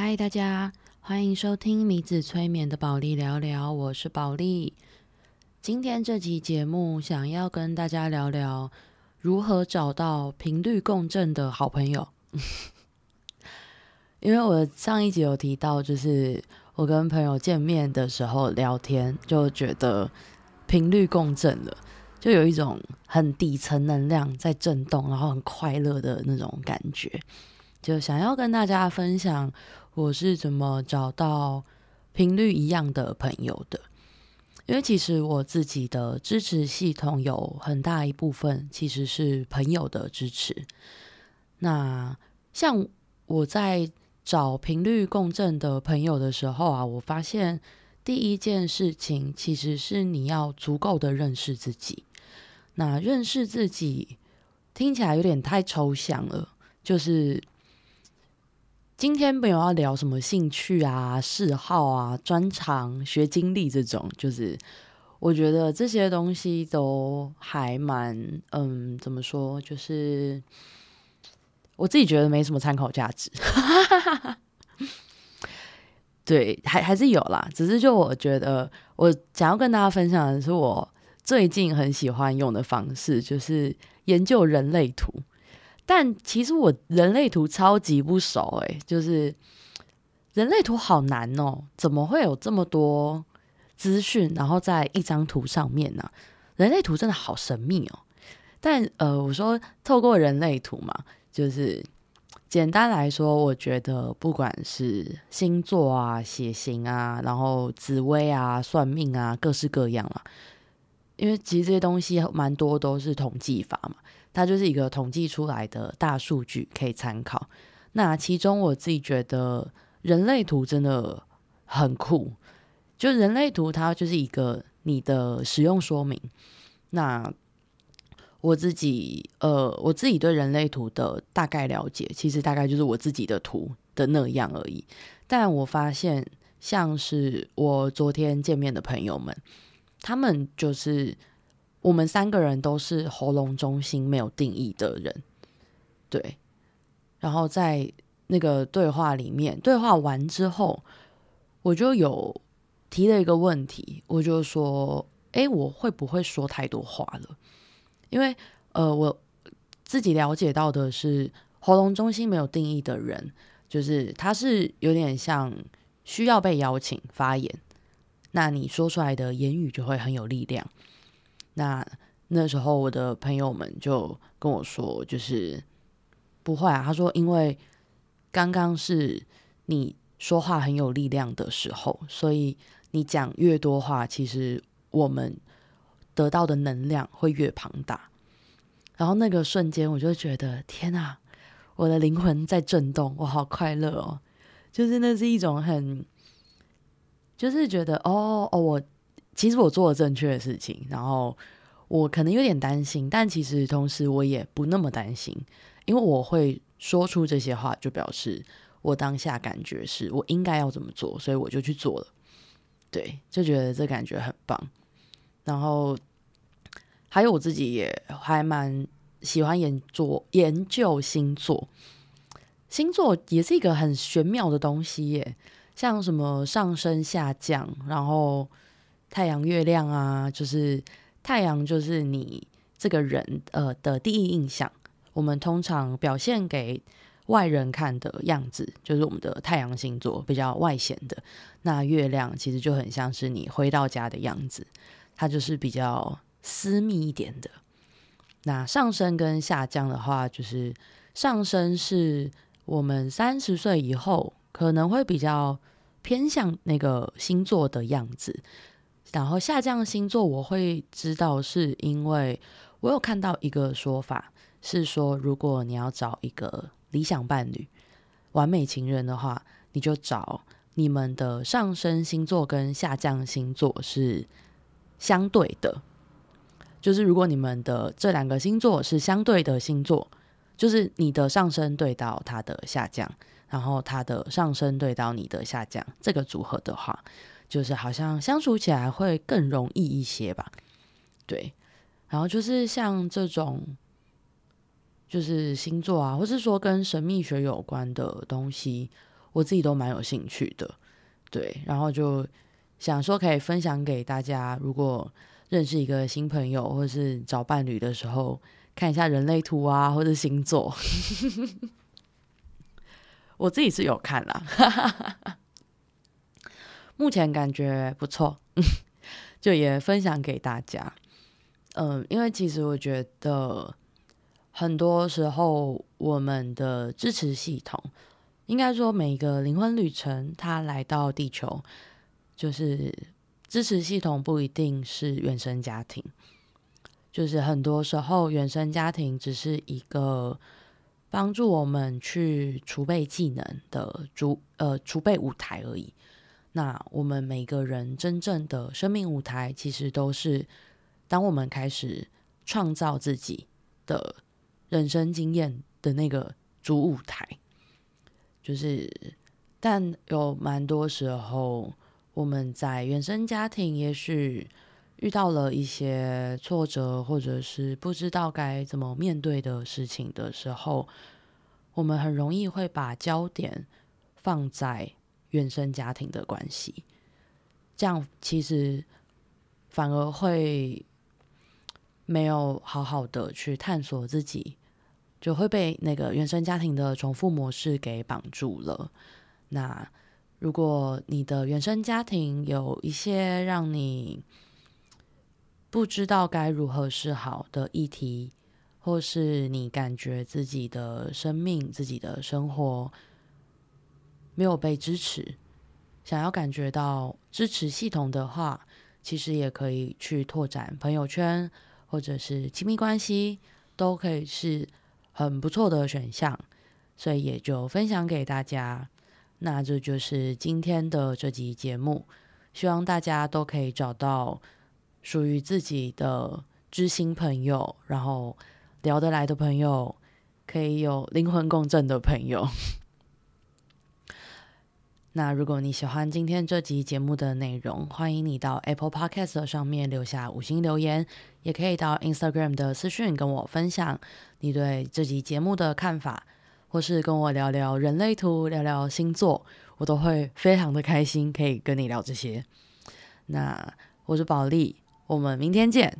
嗨，Hi, 大家歡迎收聽米子催眠的保利聊聊，我是保利。今天這集節目想要跟大家聊聊如何找到頻率共振的好朋友。 因為我上一集有提到，就是我跟朋友見面的時候聊天，就覺得頻率共振了，就有一種很底層能量在震動，然後很快樂的那種感覺。就想要跟大家分享我是怎麼找到頻率一樣的朋友的，因為其實我自己的支持系統有很大一部分其實是朋友的支持。那像我在找頻率共振的朋友的時候啊，我發現第一件事情其實是你要足夠的認識自己。那認識自己聽起來有點太抽象了，就是。今天沒有要聊什麼興趣啊、嗜好啊、專長、學經歷這種，就是我覺得這些東西都還蠻……嗯，怎麼說？就是我自己覺得沒什麼參考價值。 對，還還是有啦，只是就我覺得，我想要跟大家分享的是，我最近很喜歡用的方式，就是研究人類圖。但其實我人類圖超級不熟哎，就是人類圖好難哦，怎麼會有這麼多資訊，然後在一張圖上面呢？人類圖真的好神秘哦。但呃，我說透過人類圖嘛，就是簡單來說，我覺得不管是星座啊、血型啊，然後紫微啊、算命啊，各式各樣啊，因為其實這些東西蠻多都是統計法嘛。它就是一個統計出來的大數據，可以參考。那其中我自己覺得人類圖真的很酷，就人類圖它就是一個你的使用說明。那我自己呃，我自己對人類圖的大概了解，其實大概就是我自己的圖的那樣而已。但我發現，像是我昨天見面的朋友們，他們就是。我們三個人都是喉嚨中心沒有定義的人，對。然後在那個對話裡面，對話完之後，我就有提了一個問題，我就說：“哎，我會不會說太多話了？因為呃，我自己了解到的是，喉嚨中心沒有定義的人，就是他是有點像需要被邀請發言，那你說出來的言語就會很有力量。”那那時候，我的朋友們就跟我說，就是不壞啊。他說，因為剛剛是你說話很有力量的時候，所以你講越多話，其實我們得到的能量會越龐大。然後那個瞬間，我就覺得天哪，我的靈魂在震動，我好快樂哦！就是那是一種很，就是覺得哦哦我。其實我做了正確的事情，然後我可能有點擔心，但其實同時我也不那麼擔心，因為我會說出這些話，就表示我當下感覺是我應該要怎麼做，所以我就去做了。對，就覺得這感覺很棒。然後還有我自己也還蠻喜歡研究研究星座，星座也是一個很玄妙的東西耶，像什麼上升下降，然後。太陽、月亮啊，就是太陽，就是你這個人呃的第一印象。我們通常表現給外人看的樣子，就是我們的太陽星座比較外顯的。那月亮其實就很像是你回到家的樣子，它就是比較私密一點的。那上升跟下降的話，就是上升是我們三十歲以後可能會比較偏向那個星座的樣子。然後下降星座，我會知道是因為我有看到一個說法，是說如果你要找一個理想伴侶、完美情人的話，你就找你們的上升星座跟下降星座是相對的。就是如果你們的這兩個星座是相對的星座，就是你的上升對到他的下降，然後他的上升對到你的下降，這個組合的話。就是好像相處起來會更容易一些吧，對。然後就是像這種，就是星座啊，或是說跟神秘學有關的東西，我自己都蠻有興趣的，對。然後就想說可以分享給大家，如果認識一個新朋友或是找伴侶的時候，看一下人類圖啊，或者星座。 我自己是有看啦。目前感覺不錯， 就也分享給大家。嗯、呃，因為其實我覺得，很多時候我們的支持系統，應該說每一個靈魂旅程，它來到地球，就是支持系統不一定是原生家庭，就是很多時候原生家庭只是一個幫助我們去儲備技能的主呃儲備舞台而已。那我們每個人真正的生命舞台，其實都是當我們開始創造自己的人生經驗的那個主舞台。就是，但有蠻多時候，我們在原生家庭，也許遇到了一些挫折，或者是不知道該怎麼面對的事情的時候，我們很容易會把焦點放在原生家庭的關係，這樣其實反而會沒有好好的去探索自己，就會被那個原生家庭的重複模式給綁住了。那如果你的原生家庭有一些讓你不知道該如何是好的議題，或是你感覺自己的生命、自己的生活，沒有被支持，想要感覺到支持系統的話，其實也可以去拓展朋友圈，或者是親密關係，都可以是很不錯的選項。所以也就分享給大家。那這就是今天的這集節目，希望大家都可以找到屬於自己的知心朋友，然後聊得來的朋友，可以有靈魂共振的朋友。那如果你喜歡今天這集節目的內容，歡迎你到 Apple Podcast 上面留下五星留言，也可以到 Instagram 的私訊跟我分享你對這集節目的看法，或是跟我聊聊人類圖、聊聊星座，我都會非常的開心，可以跟你聊這些。那我是保利，我們明天見。